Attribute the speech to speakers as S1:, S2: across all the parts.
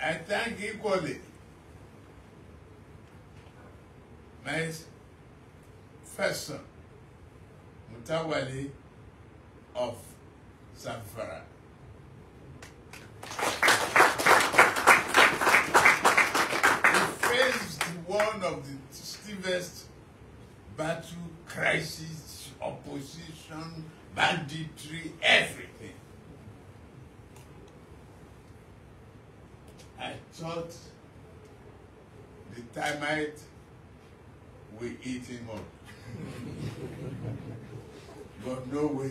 S1: I thank equally my first son, Mutawali of Zamfara. he faced one of the stiffest battle, crisis, opposition, banditry, everything. I thought the termite will eat him up. But no way.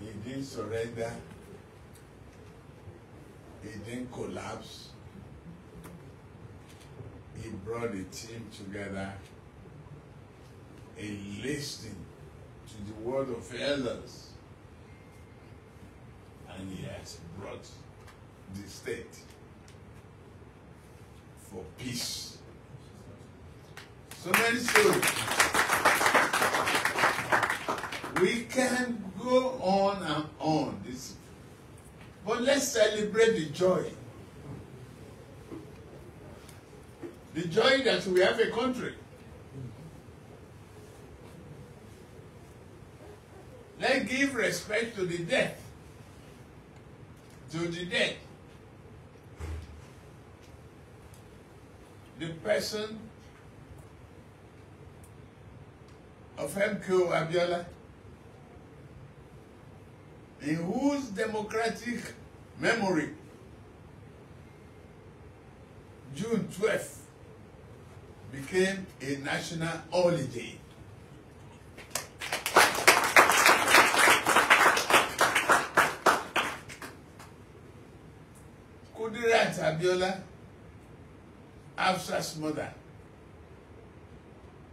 S1: He didn't surrender. He didn't collapse. He brought the team together and listened to the word of elders. And he has brought the state for peace. So many stories. We can go on and on. This, but let's celebrate the joy. The joy that we have a country. Let's give respect to the death. To the death. person of MKO Abiola, in whose democratic memory, June 12th became a national holiday. Kudirat Abiola Afsa's mother,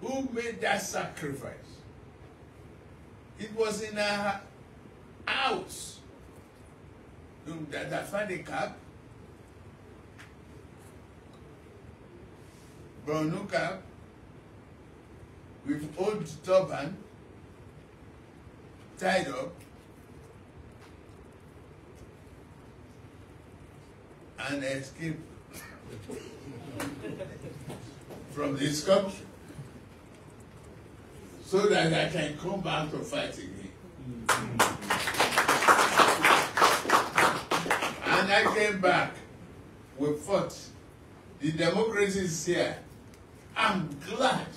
S1: who made that sacrifice. It was in her house that they found a cap, Borno cap, with old turban, tied up, and escaped. from this country so that I can come back to fight again. And I came back. We fought. The democracy is here. I'm glad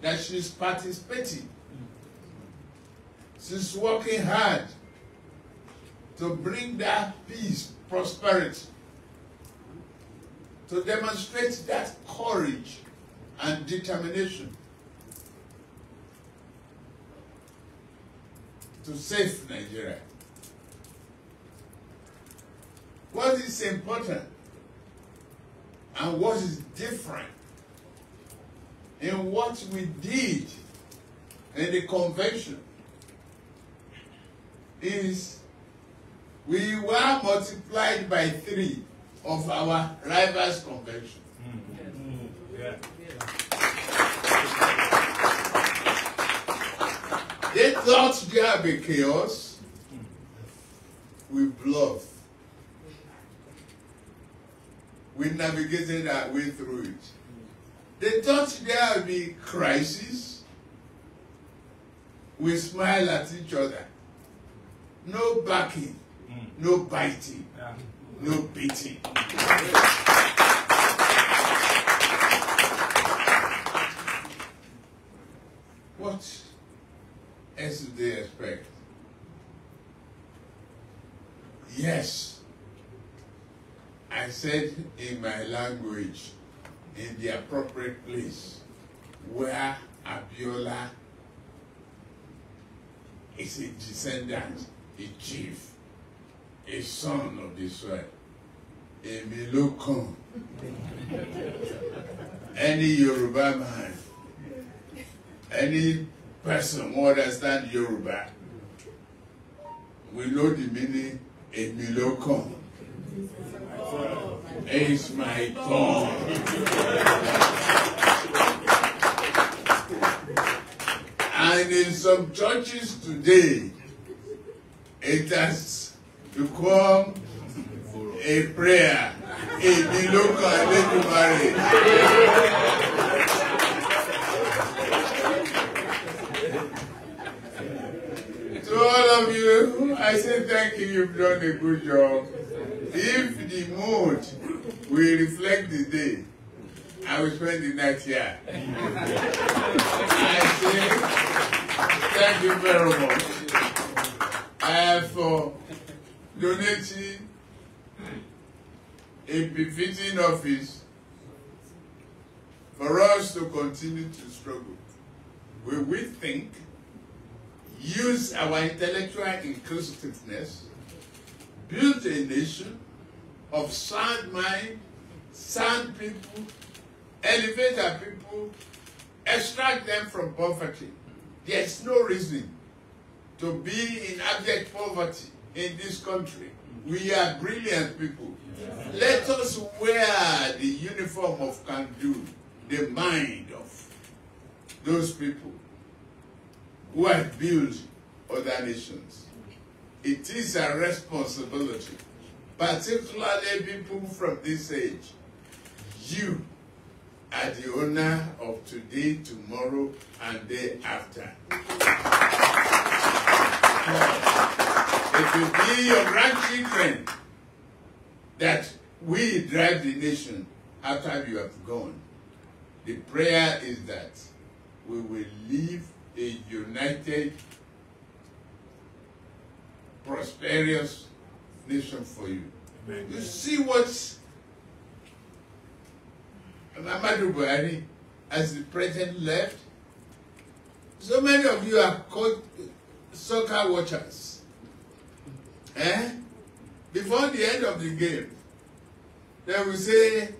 S1: that she's participating. She's working hard to bring that peace, prosperity to demonstrate that courage and determination to save Nigeria. What is important and what is different in what we did in the convention is we were multiplied by three of our rivals convention. Mm. Yes. Yeah. They thought there would be chaos. We bluff. We navigated our way through it. They thought there would be crisis. We smile at each other. No backing, no biting, no beating. What? did they expect? Yes, I said in my language, in the appropriate place, where Abiola is a descendant, a chief, a son of the soil èmi ló any Yoruba man any person who understands Yoruba we know the meaning èmi ló it's my turn and in some churches today it has become a prayer. Èmi ló kọ Ẹlẹ́dùmarè. To all of you, I say thank you, you've done a good job. If the mood will reflect the day, I will spend the night here. I say thank you very much uh, for donating a befitting office for us to continue to struggle. Will we think, use our intellectual inclusiveness, build a nation of sound mind, sound people, elevate our people, extract them from poverty. There's no reason to be in abject poverty in this country. We are brilliant people. Let us wear the uniform of Kandu, the mind of those people who have built other nations. It is a responsibility, particularly people from this age. You are the owner of today, tomorrow, and day after. It will be your grandchildren that we drive the nation after you have gone. The prayer is that we will live a united, prosperous nation for you. Amen. You see what Muhammadu Buhari, as the president left, so many of you are called soccer watchers. eh, before the end of the game, they will say,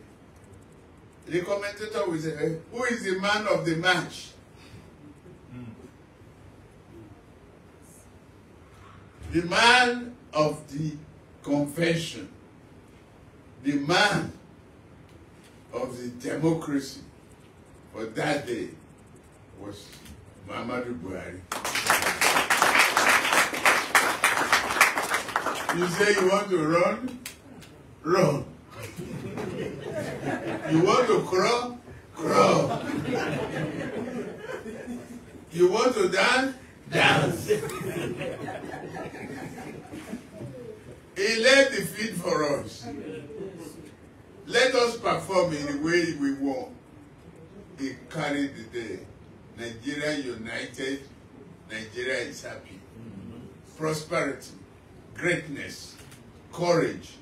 S1: the commentator will say, eh, who is the man of the match? Mm. The man of the confession, the man of the democracy for that day was Muhammadu Buhari. You say you want to run? Run. You want to crawl? Crawl. You want to dance? Dance. He laid the feet for us. Let us perform in the way we want. He carried the day. Nigeria united. Nigeria is happy. Prosperity greatness, courage,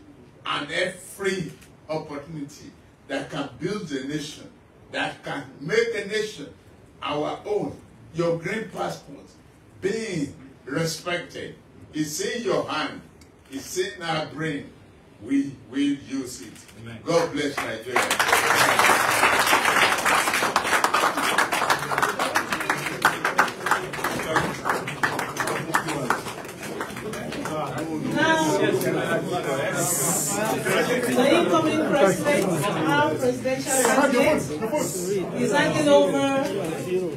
S1: and every opportunity that can build a nation, that can make a nation our own. Your green passport being respected. It's in your hand. It's in our brain. We will use it. Amen. God bless Nigeria. Taking over. Please,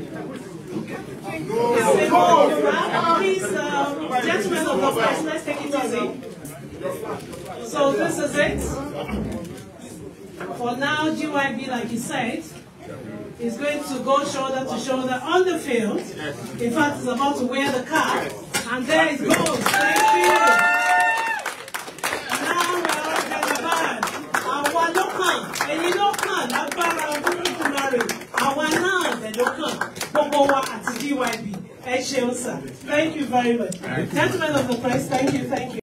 S1: uh, gentlemen of the let's take it easy. So this is it. For now, GYB, like you said, is going to go shoulder to shoulder on the field. In fact, it's about to wear the cap. anyway. That's my love.